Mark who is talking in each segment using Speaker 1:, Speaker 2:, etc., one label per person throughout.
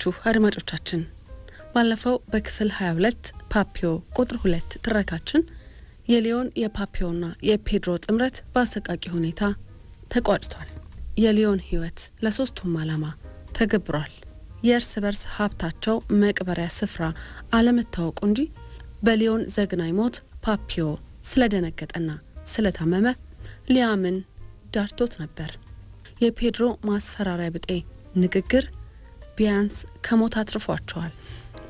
Speaker 1: ያላችሁ አድማጮቻችን ባለፈው በክፍል 22 ፓፒዮ ቁጥር ሁለት ትረካችን የሊዮን የፓፒዮና የፔድሮ ጥምረት በአሰቃቂ ሁኔታ ተቋጭቷል። የሊዮን ህይወት ለሶስቱም ዓላማ ተገብሯል። የእርስ በርስ ሀብታቸው መቅበሪያ ስፍራ አለመታወቁ እንጂ በሊዮን ዘግናኝ ሞት ፓፒዮ ስለደነገጠና ስለታመመ ሊያምን ዳርቶት ነበር። የፔድሮ ማስፈራሪያ ብጤ ንግግር ቢያንስ ከሞት አትርፏቸዋል።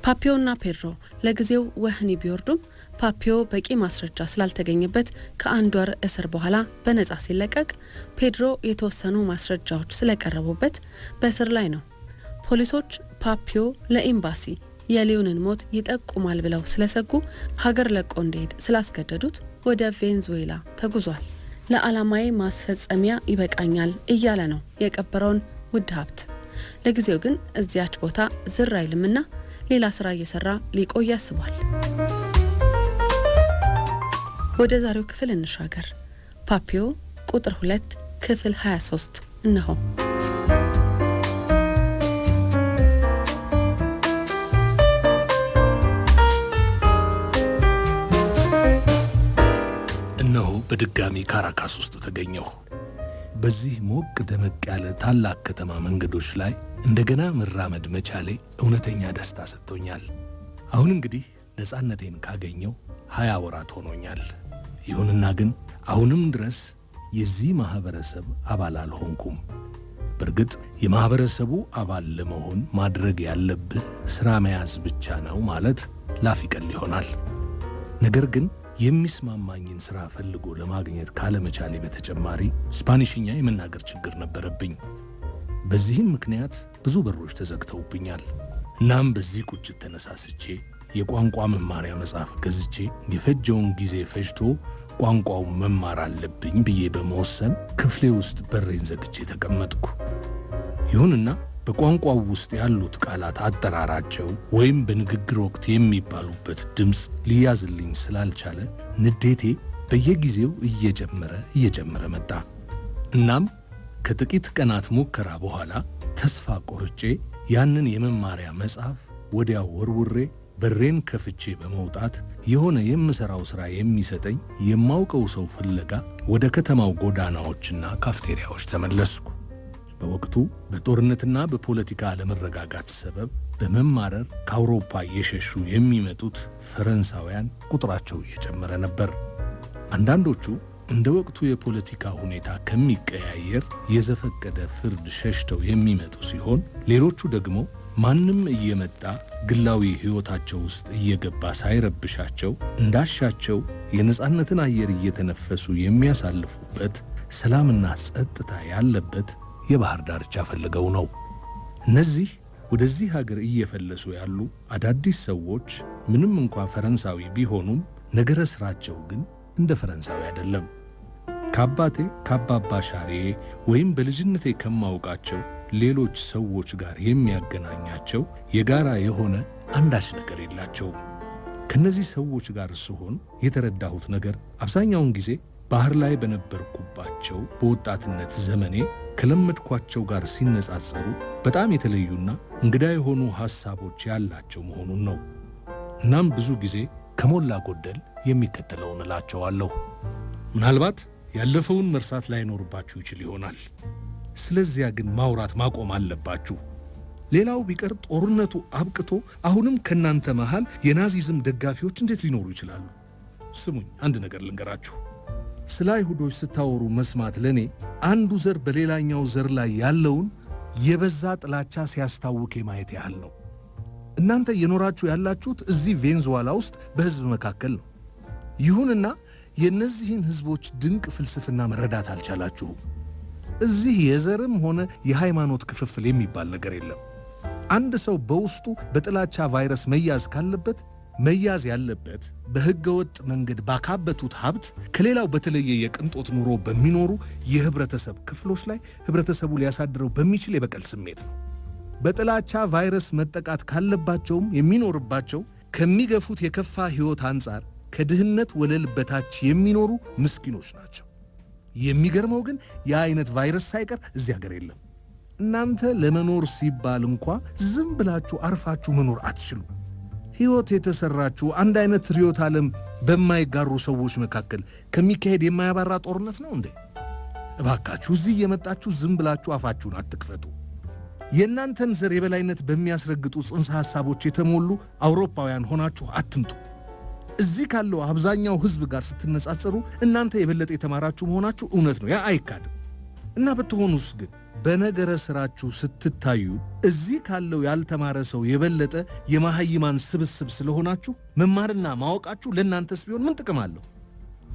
Speaker 1: ፓፒዮና ፔድሮ ለጊዜው ወህኒ ቢወርዱም ፓፒዮ በቂ ማስረጃ ስላልተገኘበት ከአንድ ወር እስር በኋላ በነጻ ሲለቀቅ ፔድሮ የተወሰኑ ማስረጃዎች ስለቀረቡበት በእስር ላይ ነው። ፖሊሶች ፓፒዮ ለኤምባሲ የሊዮንን ሞት ይጠቁማል ብለው ስለሰጉ ሀገር ለቆ እንዲሄድ ስላስገደዱት ወደ ቬንዙዌላ ተጉዟል። ለዓላማዬ ማስፈጸሚያ ይበቃኛል እያለ ነው የቀበረውን ውድ ሀብት ለጊዜው ግን እዚያች ቦታ ዝር አይልምና ሌላ ስራ እየሰራ ሊቆይ ያስቧል። ወደ ዛሬው ክፍል እንሻገር። ፓፒዮ ቁጥር 2 ክፍል 23 እነሆ።
Speaker 2: እነሆ በድጋሚ ካራካስ ውስጥ ተገኘሁ። በዚህ ሞቅ ደመቅ ያለ ታላቅ ከተማ መንገዶች ላይ እንደገና መራመድ መቻሌ እውነተኛ ደስታ ሰጥቶኛል። አሁን እንግዲህ ነፃነቴን ካገኘው ሀያ ወራት ሆኖኛል። ይሁንና ግን አሁንም ድረስ የዚህ ማኅበረሰብ አባል አልሆንኩም። በእርግጥ የማኅበረሰቡ አባል ለመሆን ማድረግ ያለብህ ሥራ መያዝ ብቻ ነው ማለት ላፊቀል ቀል ይሆናል። ነገር ግን የሚስማማኝን ስራ ፈልጎ ለማግኘት ካለመቻሌ በተጨማሪ ስፓኒሽኛ የመናገር ችግር ነበረብኝ። በዚህም ምክንያት ብዙ በሮች ተዘግተውብኛል። እናም በዚህ ቁጭት ተነሳስቼ የቋንቋ መማሪያ መጽሐፍ ገዝቼ የፈጀውን ጊዜ ፈጅቶ ቋንቋው መማር አለብኝ ብዬ በመወሰን ክፍሌ ውስጥ በሬን ዘግቼ ተቀመጥኩ። ይሁንና በቋንቋው ውስጥ ያሉት ቃላት አጠራራቸው ወይም በንግግር ወቅት የሚባሉበት ድምፅ ሊያዝልኝ ስላልቻለ ንዴቴ በየጊዜው እየጨመረ እየጨመረ መጣ። እናም ከጥቂት ቀናት ሙከራ በኋላ ተስፋ ቆርጬ ያንን የመማሪያ መጽሐፍ ወዲያው ወርውሬ በሬን ከፍቼ በመውጣት የሆነ የምሠራው ሥራ የሚሰጠኝ የማውቀው ሰው ፍለጋ ወደ ከተማው ጎዳናዎችና ካፍቴሪያዎች ተመለስኩ። በወቅቱ በጦርነትና በፖለቲካ አለመረጋጋት ሰበብ በመማረር ከአውሮፓ እየሸሹ የሚመጡት ፈረንሳውያን ቁጥራቸው እየጨመረ ነበር። አንዳንዶቹ እንደ ወቅቱ የፖለቲካ ሁኔታ ከሚቀያየር የዘፈቀደ ፍርድ ሸሽተው የሚመጡ ሲሆን፣ ሌሎቹ ደግሞ ማንም እየመጣ ግላዊ ሕይወታቸው ውስጥ እየገባ ሳይረብሻቸው እንዳሻቸው የነፃነትን አየር እየተነፈሱ የሚያሳልፉበት ሰላምና ጸጥታ ያለበት የባህር ዳርቻ ፈልገው ነው። እነዚህ ወደዚህ ሀገር እየፈለሱ ያሉ አዳዲስ ሰዎች ምንም እንኳ ፈረንሳዊ ቢሆኑም ነገረ ስራቸው ግን እንደ ፈረንሳዊ አይደለም። ከአባቴ ከአባባ ሻሬ ወይም በልጅነቴ ከማውቃቸው ሌሎች ሰዎች ጋር የሚያገናኛቸው የጋራ የሆነ አንዳች ነገር የላቸውም። ከነዚህ ሰዎች ጋር ስሆን የተረዳሁት ነገር አብዛኛውን ጊዜ ባህር ላይ በነበርኩባቸው በወጣትነት ዘመኔ ከለመድኳቸው ጋር ሲነጻጸሩ በጣም የተለዩና እንግዳ የሆኑ ሐሳቦች ያላቸው መሆኑን ነው። እናም ብዙ ጊዜ ከሞላ ጎደል የሚከተለውን እላቸዋለሁ። ምናልባት ያለፈውን መርሳት ላይኖርባችሁ ይችል ይሆናል። ስለዚያ ግን ማውራት ማቆም አለባችሁ። ሌላው ቢቀር ጦርነቱ አብቅቶ አሁንም ከእናንተ መሃል የናዚዝም ደጋፊዎች እንዴት ሊኖሩ ይችላሉ? ስሙኝ፣ አንድ ነገር ልንገራችሁ። ስለ አይሁዶች ስታወሩ መስማት ለእኔ አንዱ ዘር በሌላኛው ዘር ላይ ያለውን የበዛ ጥላቻ ሲያስታውቅ የማየት ያህል ነው። እናንተ የኖራችሁ ያላችሁት እዚህ ቬንዙዋላ ውስጥ በሕዝብ መካከል ነው። ይሁንና የእነዚህን ሕዝቦች ድንቅ ፍልስፍና መረዳት አልቻላችሁም። እዚህ የዘርም ሆነ የሃይማኖት ክፍፍል የሚባል ነገር የለም። አንድ ሰው በውስጡ በጥላቻ ቫይረስ መያዝ ካለበት መያዝ ያለበት በህገወጥ መንገድ ባካበቱት ሀብት ከሌላው በተለየ የቅንጦት ኑሮ በሚኖሩ የህብረተሰብ ክፍሎች ላይ ህብረተሰቡ ሊያሳድረው በሚችል የበቀል ስሜት ነው። በጥላቻ ቫይረስ መጠቃት ካለባቸውም የሚኖርባቸው ከሚገፉት የከፋ ህይወት አንጻር ከድህነት ወለል በታች የሚኖሩ ምስኪኖች ናቸው። የሚገርመው ግን ያ አይነት ቫይረስ ሳይቀር እዚህ ሀገር የለም። እናንተ ለመኖር ሲባል እንኳ ዝም ብላችሁ አርፋችሁ መኖር አትችሉ። ህይወት የተሰራችው አንድ አይነት ርዕዮተ ዓለም በማይጋሩ ሰዎች መካከል ከሚካሄድ የማያባራ ጦርነት ነው እንዴ? እባካችሁ እዚህ እየመጣችሁ ዝም ብላችሁ አፋችሁን አትክፈቱ። የእናንተን ዘር የበላይነት በሚያስረግጡ ጽንሰ ሐሳቦች የተሞሉ አውሮፓውያን ሆናችሁ አትምጡ። እዚህ ካለው አብዛኛው ህዝብ ጋር ስትነጻጸሩ እናንተ የበለጠ የተማራችሁ መሆናችሁ እውነት ነው፣ ያ አይካድም። እና ብትሆኑስ ግን በነገረ ስራችሁ ስትታዩ እዚህ ካለው ያልተማረ ሰው የበለጠ የመሃይማን ስብስብ ስለሆናችሁ መማርና ማወቃችሁ ለእናንተስ ቢሆን ምን ጥቅም አለው?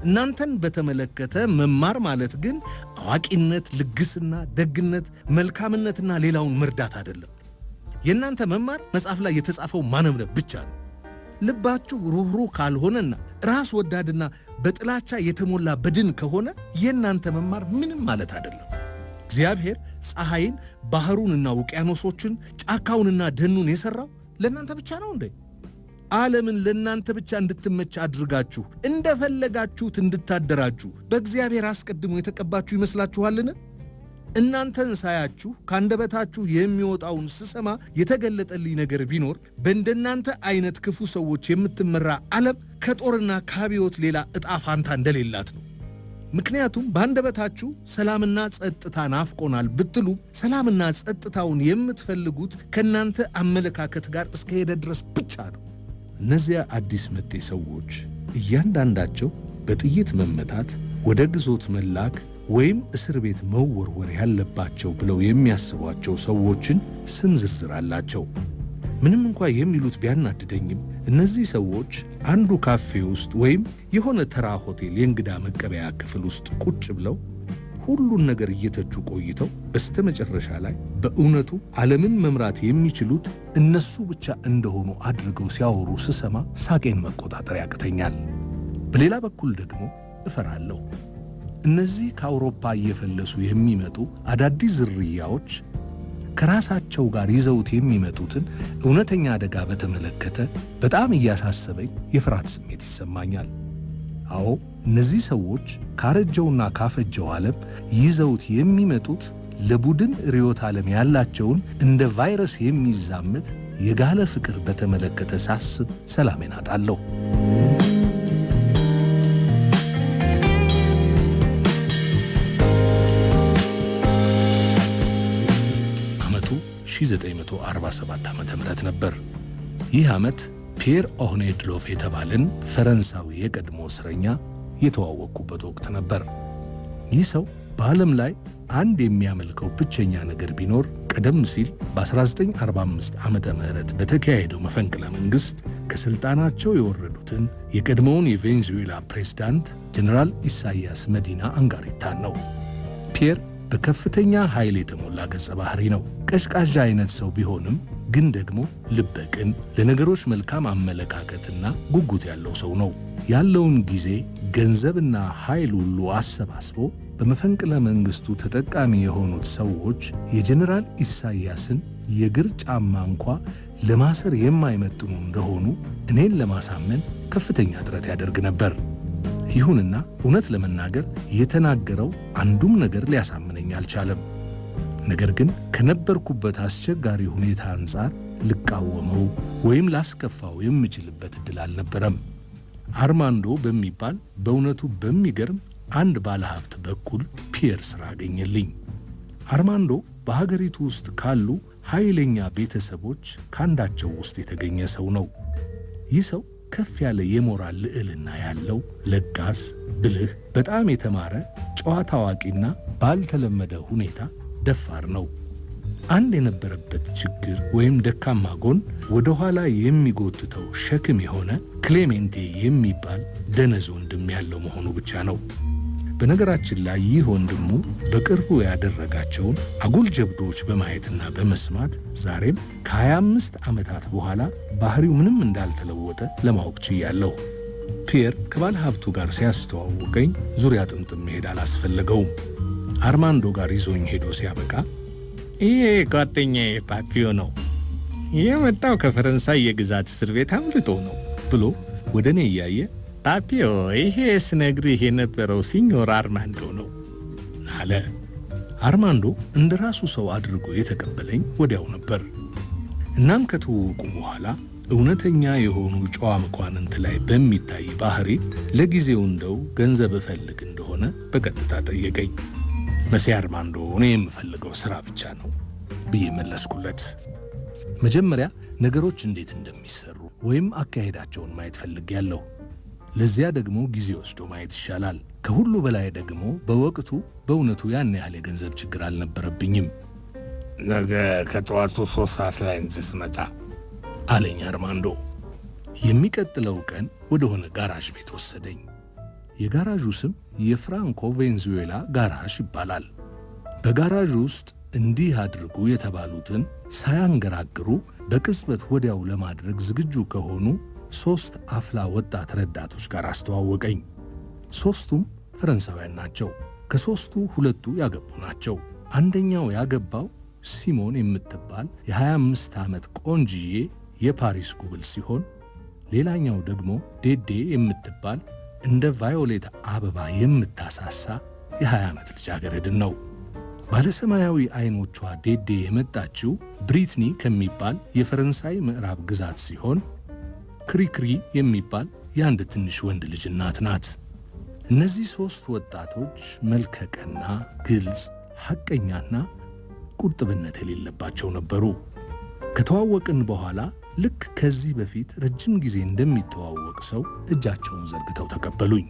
Speaker 2: እናንተን በተመለከተ መማር ማለት ግን አዋቂነት፣ ልግስና፣ ደግነት፣ መልካምነትና ሌላውን መርዳት አይደለም። የእናንተ መማር መጽሐፍ ላይ የተጻፈው ማንበብ ብቻ ነው። ልባችሁ ሩኅሩህ ካልሆነና ራስ ወዳድና በጥላቻ የተሞላ በድን ከሆነ የእናንተ መማር ምንም ማለት አይደለም። እግዚአብሔር ፀሐይን ባህሩንና ውቅያኖሶችን ጫካውንና ደኑን የሠራው ለእናንተ ብቻ ነው እንዴ? ዓለምን ለእናንተ ብቻ እንድትመች አድርጋችሁ እንደፈለጋችሁት እንድታደራችሁ በእግዚአብሔር አስቀድሞ የተቀባችሁ ይመስላችኋልን? እናንተን ሳያችሁ ከአንደበታችሁ የሚወጣውን ስሰማ የተገለጠልኝ ነገር ቢኖር በእንደናንተ አይነት ክፉ ሰዎች የምትመራ ዓለም ከጦርና ከአብዮት ሌላ እጣ ፋንታ እንደሌላት ነው። ምክንያቱም በአንደበታችሁ ሰላምና ጸጥታ ናፍቆናል ብትሉ ሰላምና ጸጥታውን የምትፈልጉት ከእናንተ አመለካከት ጋር እስከሄደ ድረስ ብቻ ነው። እነዚያ አዲስ መጤ ሰዎች እያንዳንዳቸው በጥይት መመታት፣ ወደ ግዞት መላክ ወይም እስር ቤት መወርወር ያለባቸው ብለው የሚያስቧቸው ሰዎችን ስም ዝርዝር አላቸው። ምንም እንኳ የሚሉት ቢያናድደኝም እነዚህ ሰዎች አንዱ ካፌ ውስጥ ወይም የሆነ ተራ ሆቴል የእንግዳ መቀበያ ክፍል ውስጥ ቁጭ ብለው ሁሉን ነገር እየተቹ ቆይተው በስተ መጨረሻ ላይ በእውነቱ ዓለምን መምራት የሚችሉት እነሱ ብቻ እንደሆኑ አድርገው ሲያወሩ ስሰማ ሳቄን መቆጣጠር ያቅተኛል። በሌላ በኩል ደግሞ እፈራለሁ። እነዚህ ከአውሮፓ እየፈለሱ የሚመጡ አዳዲስ ዝርያዎች ከራሳቸው ጋር ይዘውት የሚመጡትን እውነተኛ አደጋ በተመለከተ በጣም እያሳሰበኝ የፍርሃት ስሜት ይሰማኛል። አዎ እነዚህ ሰዎች ካረጀውና ካፈጀው ዓለም ይዘውት የሚመጡት ለቡድን ርዕዮተ ዓለም ያላቸውን እንደ ቫይረስ የሚዛመት የጋለ ፍቅር በተመለከተ ሳስብ ሰላሜን አጣለሁ። 1947 ዓ.ም ነበር። ይህ ዓመት ፒየር ኦህኔድሎፍ የተባለን ፈረንሳዊ የቀድሞ እስረኛ የተዋወቅኩበት ወቅት ነበር። ይህ ሰው በዓለም ላይ አንድ የሚያመልከው ብቸኛ ነገር ቢኖር ቀደም ሲል በ1945 ዓመተ ምህረት በተካሄደው መፈንቅለ መንግሥት ከሥልጣናቸው የወረዱትን የቀድሞውን የቬንዙዌላ ፕሬዝዳንት ጀኔራል ኢሳያስ መዲና አንጋሪታን ነው። ፒየር በከፍተኛ ኃይል የተሞላ ገጸ ባህሪ ነው። ቀዥቃዣ አይነት ሰው ቢሆንም ግን ደግሞ ልበቅን፣ ለነገሮች መልካም አመለካከትና ጉጉት ያለው ሰው ነው። ያለውን ጊዜ ገንዘብና ኃይል ሁሉ አሰባስቦ በመፈንቅለ መንግሥቱ ተጠቃሚ የሆኑት ሰዎች የጀኔራል ኢሳያስን የእግር ጫማ እንኳ ለማሰር የማይመጥኑ እንደሆኑ እኔን ለማሳመን ከፍተኛ ጥረት ያደርግ ነበር። ይሁንና እውነት ለመናገር የተናገረው አንዱም ነገር ሊያሳምነኝ አልቻለም። ነገር ግን ከነበርኩበት አስቸጋሪ ሁኔታ አንጻር ልቃወመው ወይም ላስከፋው የምችልበት ዕድል አልነበረም። አርማንዶ በሚባል በእውነቱ በሚገርም አንድ ባለሀብት በኩል ፒየር ሥራ አገኘልኝ። አርማንዶ በሀገሪቱ ውስጥ ካሉ ኃይለኛ ቤተሰቦች ከአንዳቸው ውስጥ የተገኘ ሰው ነው። ይህ ሰው ከፍ ያለ የሞራል ልዕልና ያለው ለጋስ፣ ብልህ፣ በጣም የተማረ ጨዋታ ታዋቂና ባልተለመደ ሁኔታ ደፋር ነው። አንድ የነበረበት ችግር ወይም ደካማ ጎን ወደ ኋላ የሚጎትተው ሸክም የሆነ ክሌሜንቴ የሚባል ደነዝ ወንድም ያለው መሆኑ ብቻ ነው። በነገራችን ላይ ይህ ወንድሙ በቅርቡ ያደረጋቸውን አጉል ጀብዶዎች በማየትና በመስማት ዛሬም ከ25 ዓመታት በኋላ ባህሪው ምንም እንዳልተለወጠ ለማወቅ ችያለሁ። ፒየር ከባለ ሀብቱ ጋር ሲያስተዋውቀኝ ዙሪያ ጥምጥም መሄድ አላስፈለገውም። አርማንዶ ጋር ይዞኝ ሄዶ ሲያበቃ
Speaker 3: ይሄ ጓደኛዬ ፓፒዮ ነው የመጣው ከፈረንሳይ የግዛት እስር ቤት አምልጦ ነው ብሎ ወደ እኔ እያየ ጣፒዮ፣ ይሄ ስነግርህ የነበረው ሲኞር አርማንዶ ነው
Speaker 2: አለ። አርማንዶ እንደ ራሱ ሰው አድርጎ የተቀበለኝ ወዲያው ነበር። እናም ከተዋወቁ በኋላ እውነተኛ የሆኑ ጨዋ መኳንንት ላይ በሚታይ ባህሪ ለጊዜው እንደው ገንዘብ እፈልግ እንደሆነ በቀጥታ ጠየቀኝ። መሴ አርማንዶ፣ እኔ የምፈልገው ሥራ ብቻ ነው ብዬ መለስኩለት። መጀመሪያ ነገሮች እንዴት እንደሚሰሩ ወይም አካሄዳቸውን ማየት ፈልግ ፈልጌያለሁ። ለዚያ ደግሞ ጊዜ ወስዶ ማየት ይሻላል። ከሁሉ በላይ ደግሞ በወቅቱ በእውነቱ ያን ያህል የገንዘብ ችግር አልነበረብኝም።
Speaker 3: ነገ ከጠዋቱ ሶስት ሰዓት ላይ እንድትመጣ
Speaker 2: አለኝ አርማንዶ። የሚቀጥለው ቀን ወደሆነ ጋራዥ ቤት ወሰደኝ። የጋራዡ ስም የፍራንኮ ቬንዙዌላ ጋራዥ ይባላል። በጋራዥ ውስጥ እንዲህ አድርጉ የተባሉትን ሳያንገራግሩ በቅጽበት ወዲያው ለማድረግ ዝግጁ ከሆኑ ሦስት አፍላ ወጣት ረዳቶች ጋር አስተዋወቀኝ። ሦስቱም ፈረንሳውያን ናቸው። ከሦስቱ ሁለቱ ያገቡ ናቸው። አንደኛው ያገባው ሲሞን የምትባል የ25 ዓመት ቆንጅዬ የፓሪስ ጉብል ሲሆን ሌላኛው ደግሞ ዴዴ የምትባል እንደ ቫዮሌት አበባ የምታሳሳ የ20 ዓመት ልጃገረድን ነው። ባለሰማያዊ ዐይኖቿ ዴዴ የመጣችው ብሪትኒ ከሚባል የፈረንሳይ ምዕራብ ግዛት ሲሆን ክሪክሪ የሚባል የአንድ ትንሽ ወንድ ልጅ እናት ናት። እነዚህ ሦስት ወጣቶች መልከቀና፣ ግልጽ፣ ሐቀኛና ቁርጥብነት የሌለባቸው ነበሩ። ከተዋወቅን በኋላ ልክ ከዚህ በፊት ረጅም ጊዜ እንደሚተዋወቅ ሰው እጃቸውን ዘርግተው ተቀበሉኝ።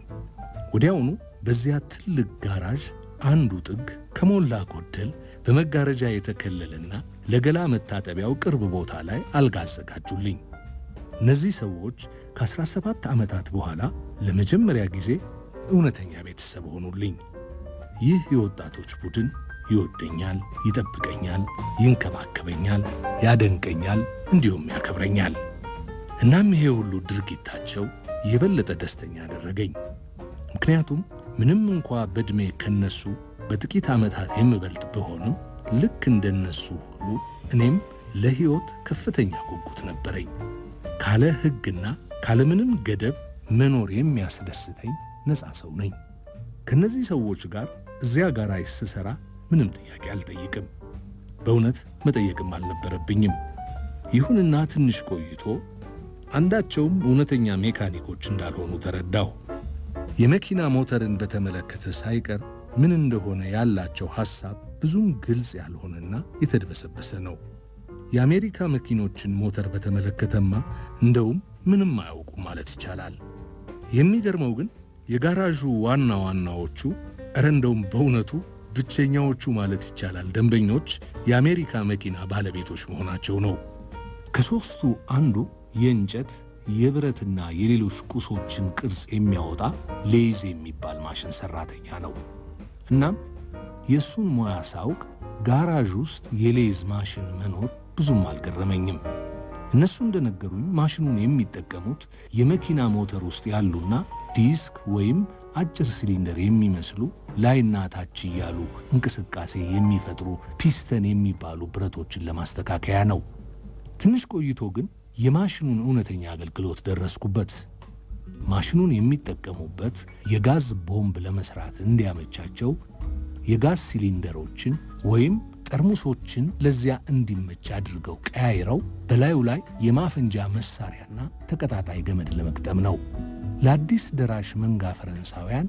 Speaker 2: ወዲያውኑ በዚያ ትልቅ ጋራዥ አንዱ ጥግ ከሞላ ጎደል በመጋረጃ የተከለለና ለገላ መታጠቢያው ቅርብ ቦታ ላይ አልጋ አዘጋጁልኝ። እነዚህ ሰዎች ከ17 ዓመታት በኋላ ለመጀመሪያ ጊዜ እውነተኛ ቤተሰብ ሆኑልኝ። ይህ የወጣቶች ቡድን ይወደኛል፣ ይጠብቀኛል፣ ይንከባከበኛል፣ ያደንቀኛል፣ እንዲሁም ያከብረኛል። እናም ይሄ ሁሉ ድርጊታቸው የበለጠ ደስተኛ አደረገኝ። ምክንያቱም ምንም እንኳ በዕድሜ ከነሱ በጥቂት ዓመታት የምበልጥ ብሆንም ልክ እንደነሱ ሁሉ እኔም ለሕይወት ከፍተኛ ጉጉት ነበረኝ። ካለ ሕግና ካለምንም ገደብ መኖር የሚያስደስተኝ ነፃ ሰው ነኝ። ከነዚህ ሰዎች ጋር እዚያ ጋር ስሰራ ምንም ጥያቄ አልጠይቅም። በእውነት መጠየቅም አልነበረብኝም። ይሁንና ትንሽ ቆይቶ አንዳቸውም እውነተኛ ሜካኒኮች እንዳልሆኑ ተረዳሁ። የመኪና ሞተርን በተመለከተ ሳይቀር ምን እንደሆነ ያላቸው ሐሳብ ብዙም ግልጽ ያልሆነና የተድበሰበሰ ነው። የአሜሪካ መኪኖችን ሞተር በተመለከተማ እንደውም ምንም አያውቁ ማለት ይቻላል። የሚገርመው ግን የጋራዡ ዋና ዋናዎቹ እረ እንደውም በእውነቱ ብቸኛዎቹ ማለት ይቻላል ደንበኞች የአሜሪካ መኪና ባለቤቶች መሆናቸው ነው። ከሦስቱ አንዱ የእንጨት የብረትና የሌሎች ቁሶችን ቅርጽ የሚያወጣ ሌይዝ የሚባል ማሽን ሰራተኛ ነው። እናም የእሱን ሙያ ሳውቅ ጋራዥ ውስጥ የሌዝ ማሽን መኖር ብዙም አልገረመኝም። እነሱ እንደነገሩኝ ማሽኑን የሚጠቀሙት የመኪና ሞተር ውስጥ ያሉና ዲስክ ወይም አጭር ሲሊንደር የሚመስሉ ላይና ታች እያሉ እንቅስቃሴ የሚፈጥሩ ፒስተን የሚባሉ ብረቶችን ለማስተካከያ ነው። ትንሽ ቆይቶ ግን የማሽኑን እውነተኛ አገልግሎት ደረስኩበት። ማሽኑን የሚጠቀሙበት የጋዝ ቦምብ ለመስራት እንዲያመቻቸው የጋዝ ሲሊንደሮችን ወይም ጠርሙሶችን ለዚያ እንዲመች አድርገው ቀያይረው በላዩ ላይ የማፈንጃ መሳሪያና ተቀጣጣይ ገመድ ለመግጠም ነው። ለአዲስ ደራሽ መንጋ ፈረንሳውያን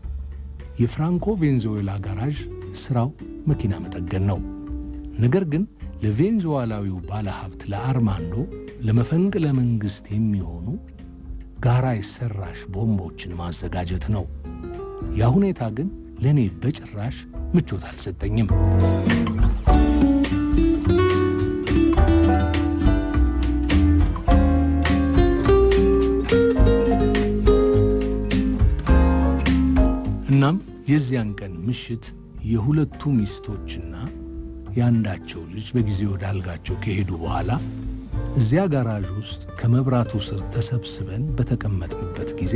Speaker 2: የፍራንኮ ቬንዙዌላ ጋራዥ ሥራው መኪና መጠገን ነው። ነገር ግን ለቬንዙዌላዊው ባለሀብት ለአርማንዶ ለመፈንቅለ መንግሥት የሚሆኑ ጋራይ ሰራሽ ቦምቦችን ማዘጋጀት ነው። ያ ሁኔታ ግን ለእኔ በጭራሽ ምቾት አልሰጠኝም። የዚያን ቀን ምሽት የሁለቱ ሚስቶችና የአንዳቸው ልጅ በጊዜ ወደ አልጋቸው ከሄዱ በኋላ እዚያ ጋራዥ ውስጥ ከመብራቱ ስር ተሰብስበን በተቀመጥንበት ጊዜ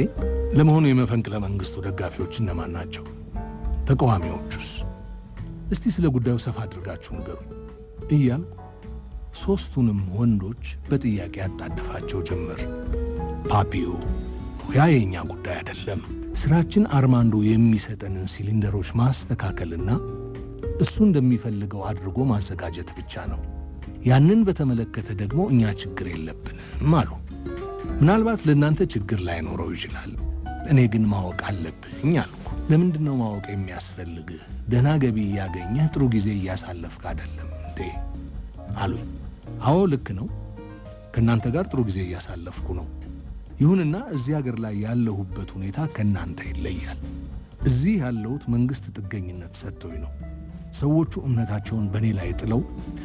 Speaker 2: ለመሆኑ የመፈንቅለ መንግስቱ ደጋፊዎች እነማን ናቸው? ተቃዋሚዎቹስ? እስቲ ስለ ጉዳዩ ሰፋ አድርጋችሁ ንገሩ እያልኩ ሦስቱንም ወንዶች በጥያቄ አጣደፋቸው ጀመር። ፓፒዮ ያ የእኛ ጉዳይ አይደለም ስራችን አርማንዶ የሚሰጠንን ሲሊንደሮች ማስተካከልና እሱ እንደሚፈልገው አድርጎ ማዘጋጀት ብቻ ነው። ያንን በተመለከተ ደግሞ እኛ ችግር የለብንም አሉ። ምናልባት ለእናንተ ችግር ላይኖረው ይችላል፣ እኔ ግን ማወቅ አለብኝ አልኩ። ለምንድን ነው ማወቅ የሚያስፈልግህ? ደህና ገቢ እያገኘህ ጥሩ ጊዜ እያሳለፍክ አይደለም እንዴ አሉኝ። አዎ ልክ ነው፣ ከእናንተ ጋር ጥሩ ጊዜ እያሳለፍኩ ነው ይሁንና እዚህ ሀገር ላይ ያለሁበት ሁኔታ ከእናንተ ይለያል። እዚህ ያለሁት መንግሥት ጥገኝነት ሰጥቶኝ ነው። ሰዎቹ እምነታቸውን በእኔ ላይ ጥለው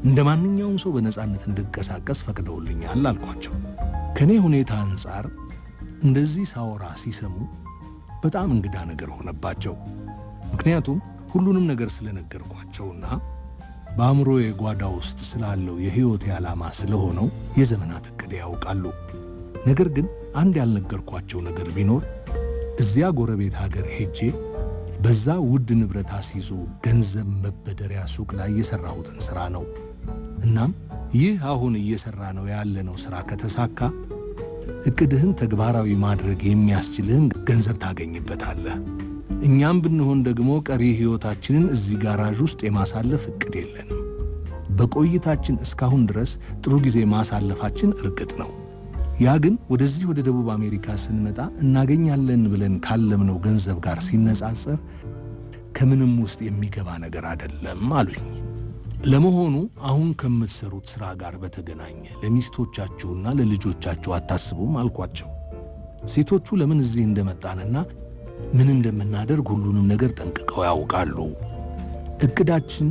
Speaker 2: እንደ ማንኛውም ሰው በነፃነት እንድንቀሳቀስ ፈቅደውልኛል አልኳቸው። ከእኔ ሁኔታ አንጻር እንደዚህ ሳወራ ሲሰሙ በጣም እንግዳ ነገር ሆነባቸው። ምክንያቱም ሁሉንም ነገር ስለነገርኳቸውና በአእምሮ የጓዳ ውስጥ ስላለው የሕይወቴ ዓላማ ስለሆነው የዘመናት እቅድ ያውቃሉ። ነገር ግን አንድ ያልነገርኳቸው ነገር ቢኖር እዚያ ጎረቤት ሀገር ሄጄ በዛ ውድ ንብረት አስይዞ ገንዘብ መበደሪያ ሱቅ ላይ የሰራሁትን ስራ ነው። እናም ይህ አሁን እየሰራ ነው ያለነው ስራ ከተሳካ እቅድህን ተግባራዊ ማድረግ የሚያስችልህን ገንዘብ ታገኝበታለህ። እኛም ብንሆን ደግሞ ቀሪ ሕይወታችንን እዚህ ጋራዥ ውስጥ የማሳለፍ እቅድ የለንም። በቆይታችን እስካሁን ድረስ ጥሩ ጊዜ ማሳለፋችን እርግጥ ነው። ያ ግን ወደዚህ ወደ ደቡብ አሜሪካ ስንመጣ እናገኛለን ብለን ካለምነው ገንዘብ ጋር ሲነጻጸር ከምንም ውስጥ የሚገባ ነገር አይደለም አሉኝ። ለመሆኑ አሁን ከምትሰሩት ሥራ ጋር በተገናኘ ለሚስቶቻችሁና ለልጆቻችሁ አታስቡም? አልኳቸው። ሴቶቹ ለምን እዚህ እንደመጣንና ምን እንደምናደርግ ሁሉንም ነገር ጠንቅቀው ያውቃሉ። እቅዳችን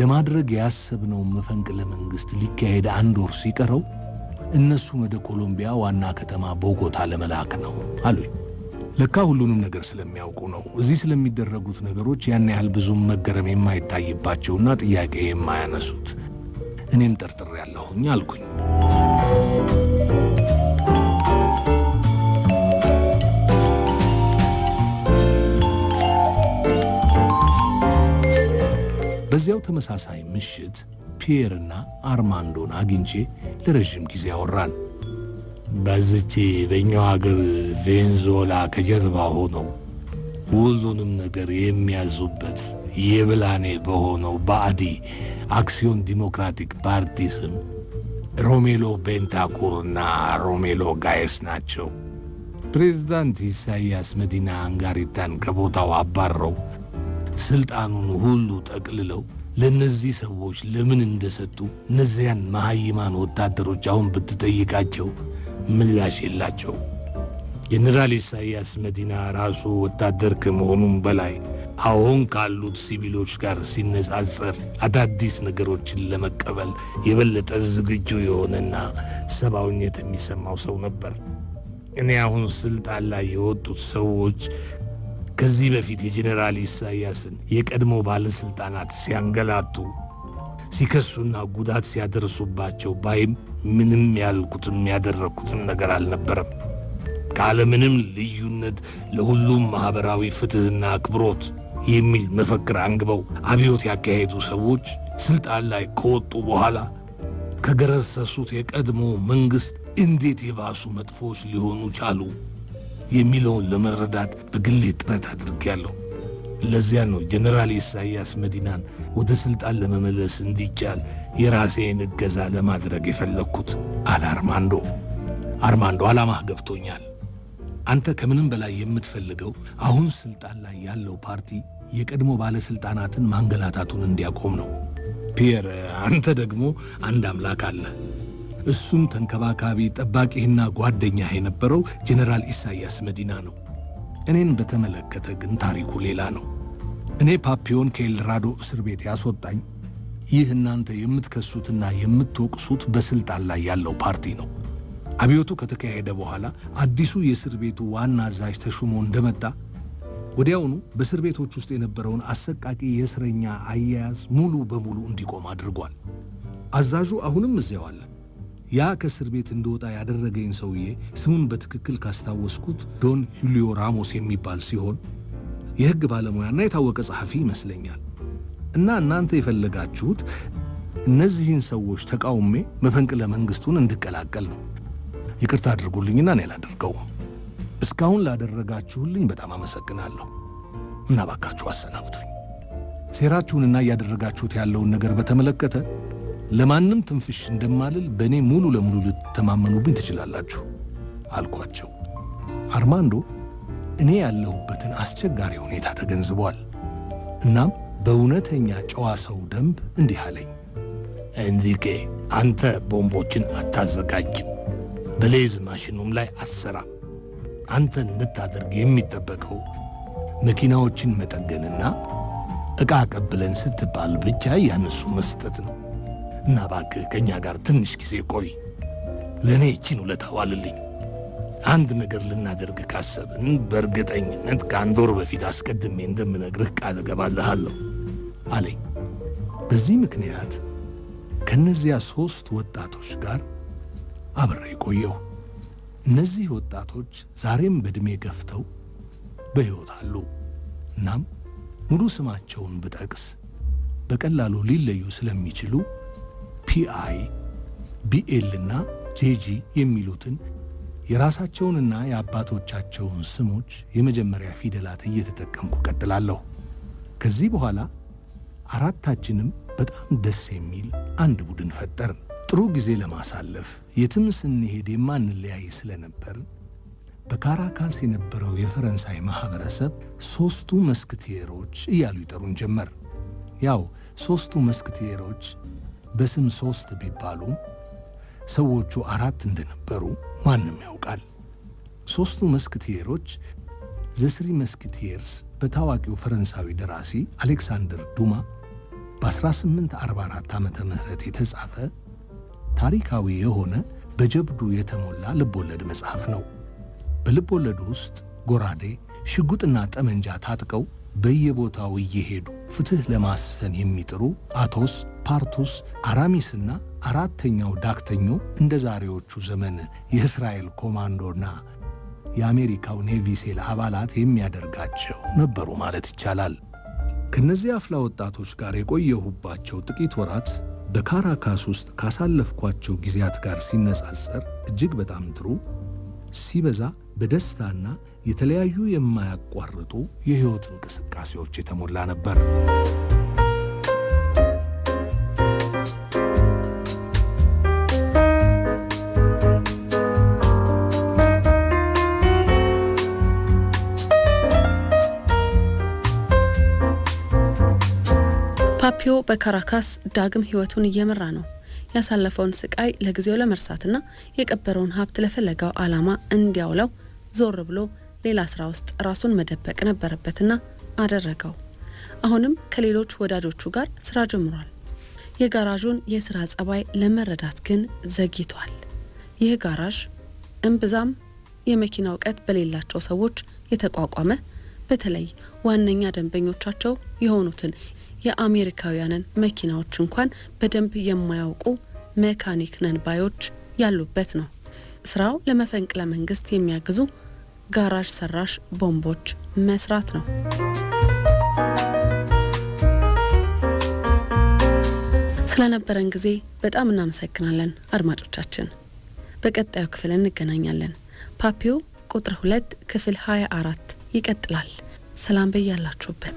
Speaker 2: ለማድረግ ያሰብነውን መፈንቅለ መንግሥት ሊካሄድ አንድ ወር ሲቀረው እነሱን ወደ ኮሎምቢያ ዋና ከተማ ቦጎታ ለመላክ ነው አሉኝ። ለካ ሁሉንም ነገር ስለሚያውቁ ነው እዚህ ስለሚደረጉት ነገሮች ያን ያህል ብዙም መገረም የማይታይባቸውና ጥያቄ የማያነሱት። እኔም ጠርጥር ያለሁኝ አልኩኝ። በዚያው ተመሳሳይ ምሽት ፒየርና አርማንዶን አግኝቼ ለረዥም ጊዜ አወራን።
Speaker 3: በዚች በኛው ሀገር ቬንዞላ ከጀርባ ሆነው ሁሉንም ነገር የሚያዙበት የብላኔ በሆነው ባዕዲ አክሲዮን ዲሞክራቲክ ፓርቲ ስም ሮሜሎ ቤንታኩርና ሮሜሎ ጋየስ ናቸው ፕሬዝዳንት ኢሳይያስ መዲና አንጋሪታን ከቦታው አባረው ስልጣኑን ሁሉ ጠቅልለው ለእነዚህ ሰዎች ለምን እንደሰጡ እነዚያን መሐይማን ወታደሮች አሁን ብትጠይቃቸው ምላሽ የላቸው። ጄኔራል ኢሳያስ መዲና ራሱ ወታደር ከመሆኑም በላይ አሁን ካሉት ሲቪሎች ጋር ሲነጻጸር አዳዲስ ነገሮችን ለመቀበል የበለጠ ዝግጁ የሆነና ሰብአዊነት የሚሰማው ሰው ነበር። እኔ አሁን ስልጣን ላይ የወጡት ሰዎች ከዚህ በፊት የጄኔራል ኢሳያስን የቀድሞ ባለሥልጣናት ሲያንገላቱ ሲከሱና ጉዳት ሲያደርሱባቸው ባይም ምንም ያልኩትም ያደረግኩትም ነገር አልነበረም። ካለምንም ልዩነት ለሁሉም ማኅበራዊ ፍትሕና አክብሮት የሚል መፈክር አንግበው አብዮት ያካሄዱ ሰዎች ሥልጣን ላይ ከወጡ በኋላ ከገረሰሱት የቀድሞ መንግሥት እንዴት የባሱ መጥፎች ሊሆኑ ቻሉ? የሚለውን ለመረዳት በግሌ ጥረት አድርጌያለሁ። ለዚያ ነው ጀነራል ኢሳያስ መዲናን ወደ ሥልጣን ለመመለስ እንዲቻል የራሴን እገዛ ለማድረግ የፈለግኩት
Speaker 2: አለ አርማንዶ። አርማንዶ ዓላማህ ገብቶኛል። አንተ ከምንም በላይ የምትፈልገው አሁን ሥልጣን ላይ ያለው ፓርቲ የቀድሞ ባለሥልጣናትን ማንገላታቱን እንዲያቆም ነው። ፒየር፣ አንተ ደግሞ አንድ አምላክ አለህ። እሱም ተንከባካቢ ጠባቂህና ጓደኛህ የነበረው ጄኔራል ኢሳያስ መዲና ነው። እኔን በተመለከተ ግን ታሪኩ ሌላ ነው። እኔ ፓፒዮን ከኤልራዶ እስር ቤት ያስወጣኝ ይህ እናንተ የምትከሱትና የምትወቅሱት በስልጣን ላይ ያለው ፓርቲ ነው። አብዮቱ ከተካሄደ በኋላ አዲሱ የእስር ቤቱ ዋና አዛዥ ተሹሞ እንደመጣ ወዲያውኑ በእስር ቤቶች ውስጥ የነበረውን አሰቃቂ የእስረኛ አያያዝ ሙሉ በሙሉ እንዲቆም አድርጓል። አዛዡ አሁንም እዚያው አለ። ያ ከእስር ቤት እንደወጣ ያደረገኝ ሰውዬ ስሙን በትክክል ካስታወስኩት ዶን ሁሊዮ ራሞስ የሚባል ሲሆን የሕግ ባለሙያና የታወቀ ጸሐፊ ይመስለኛል። እና እናንተ የፈለጋችሁት እነዚህን ሰዎች ተቃውሜ መፈንቅለ መንግስቱን እንድቀላቀል ነው። ይቅርታ አድርጉልኝና እኔ አላደርገውም። እስካሁን ላደረጋችሁልኝ በጣም አመሰግናለሁ እና ባካችሁ አሰናብቱኝ። ሴራችሁንና እያደረጋችሁት ያለውን ነገር በተመለከተ ለማንም ትንፍሽ እንደማልል በእኔ ሙሉ ለሙሉ ልትተማመኑብኝ ትችላላችሁ አልኳቸው። አርማንዶ እኔ ያለሁበትን አስቸጋሪ ሁኔታ ተገንዝቧል። እናም በእውነተኛ ጨዋ ሰው ደንብ እንዲህ አለኝ።
Speaker 3: እንዚኬ አንተ ቦምቦችን አታዘጋጅም፣ በሌዝ ማሽኑም ላይ አትሰራም። አንተ እንድታደርግ የሚጠበቀው መኪናዎችን መጠገንና ዕቃ ቀብለን ስትባል ብቻ ያነሱ መስጠት ነው። እና እባክህ ከእኛ ጋር ትንሽ ጊዜ ቆይ፣ ለእኔ ይቺን ውለታ ዋልልኝ። አንድ ነገር ልናደርግ ካሰብን በእርግጠኝነት ከአንድ ወር በፊት አስቀድሜ እንደምነግርህ ቃል እገባልሃለሁ
Speaker 2: አለኝ። በዚህ ምክንያት ከእነዚያ ሦስት ወጣቶች ጋር አብሬ ቆየሁ። እነዚህ ወጣቶች ዛሬም በዕድሜ ገፍተው በሕይወት አሉ። እናም ሙሉ ስማቸውን ብጠቅስ በቀላሉ ሊለዩ ስለሚችሉ ፒአይ፣ ቢኤል እና ጄጂ የሚሉትን የራሳቸውንና የአባቶቻቸውን ስሞች የመጀመሪያ ፊደላት እየተጠቀምኩ ቀጥላለሁ። ከዚህ በኋላ አራታችንም በጣም ደስ የሚል አንድ ቡድን ፈጠር። ጥሩ ጊዜ ለማሳለፍ የትም ስንሄድ የማንለያይ ስለነበር በካራካስ የነበረው የፈረንሳይ ማህበረሰብ ሦስቱ መስክቴሮች እያሉ ይጠሩን ጀመር። ያው ሦስቱ መስክቴሮች በስም ሶስት ቢባሉ ሰዎቹ አራት እንደነበሩ ማንም ያውቃል። ሦስቱ መስክቲየሮች ዘስሪ መስክቲየርስ በታዋቂው ፈረንሳዊ ደራሲ አሌክሳንደር ዱማ በ1844 ዓ ም የተጻፈ ታሪካዊ የሆነ በጀብዱ የተሞላ ልቦለድ መጽሐፍ ነው። በልቦለዱ ውስጥ ጎራዴ፣ ሽጉጥና ጠመንጃ ታጥቀው በየቦታው እየሄዱ ፍትህ ለማስፈን የሚጥሩ አቶስ፣ ፓርቱስ፣ አራሚስና አራተኛው ዳክተኞ እንደ ዛሬዎቹ ዘመን የእስራኤል ኮማንዶና የአሜሪካው ኔቪ ሴል አባላት የሚያደርጋቸው ነበሩ ማለት ይቻላል። ከነዚህ አፍላ ወጣቶች ጋር የቆየሁባቸው ጥቂት ወራት በካራካስ ውስጥ ካሳለፍኳቸው ጊዜያት ጋር ሲነጻጸር እጅግ በጣም ጥሩ ሲበዛ በደስታና የተለያዩ የማያቋርጡ የህይወት እንቅስቃሴዎች የተሞላ ነበር።
Speaker 1: ፓፒዮ በካራካስ ዳግም ሕይወቱን እየመራ ነው። ያሳለፈውን ስቃይ ለጊዜው ለመርሳትና የቀበረውን ሀብት ለፈለጋው ዓላማ እንዲያውለው ዞር ብሎ ሌላ ስራ ውስጥ ራሱን መደበቅ ነበረበትና አደረገው። አሁንም ከሌሎች ወዳጆቹ ጋር ስራ ጀምሯል። የጋራዡን የስራ ጸባይ ለመረዳት ግን ዘግይቷል። ይህ ጋራዥ እምብዛም የመኪና እውቀት በሌላቸው ሰዎች የተቋቋመ በተለይ ዋነኛ ደንበኞቻቸው የሆኑትን የአሜሪካውያንን መኪናዎች እንኳን በደንብ የማያውቁ መካኒክ ነንባዮች ያሉበት ነው። ስራው ለመፈንቅለ መንግስት የሚያግዙ ጋራዥ ሰራሽ ቦምቦች መስራት ነው። ስለነበረን ጊዜ በጣም እናመሰግናለን አድማጮቻችን። በቀጣዩ ክፍል እንገናኛለን። ፓፒዮ ቁጥር ሁለት ክፍል 24 ይቀጥላል። ሰላም በያላችሁበት።